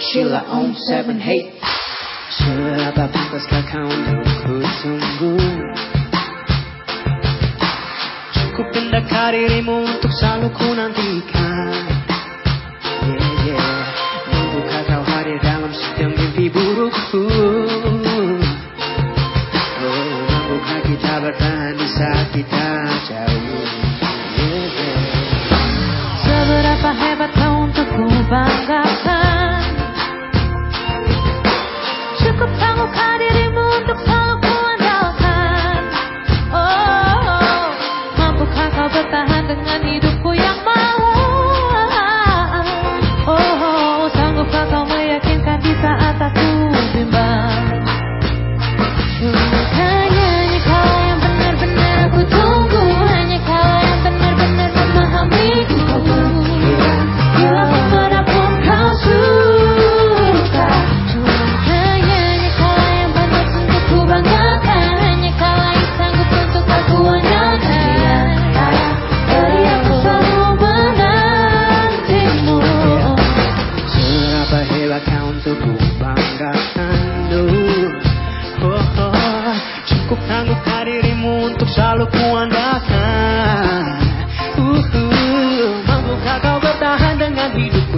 Sheila on seven hate. Sheila, Papa, Pascal, Count, Kutum. Cinta untuk selalu ku nantikan yeah, yeah. Mampukah kau hadir dalam setiap mimpi burukku Oh, mampukah kita bertahan di saat kita jauh selalu kuandalkan uh, uh, Mampukah kau bertahan dengan hidup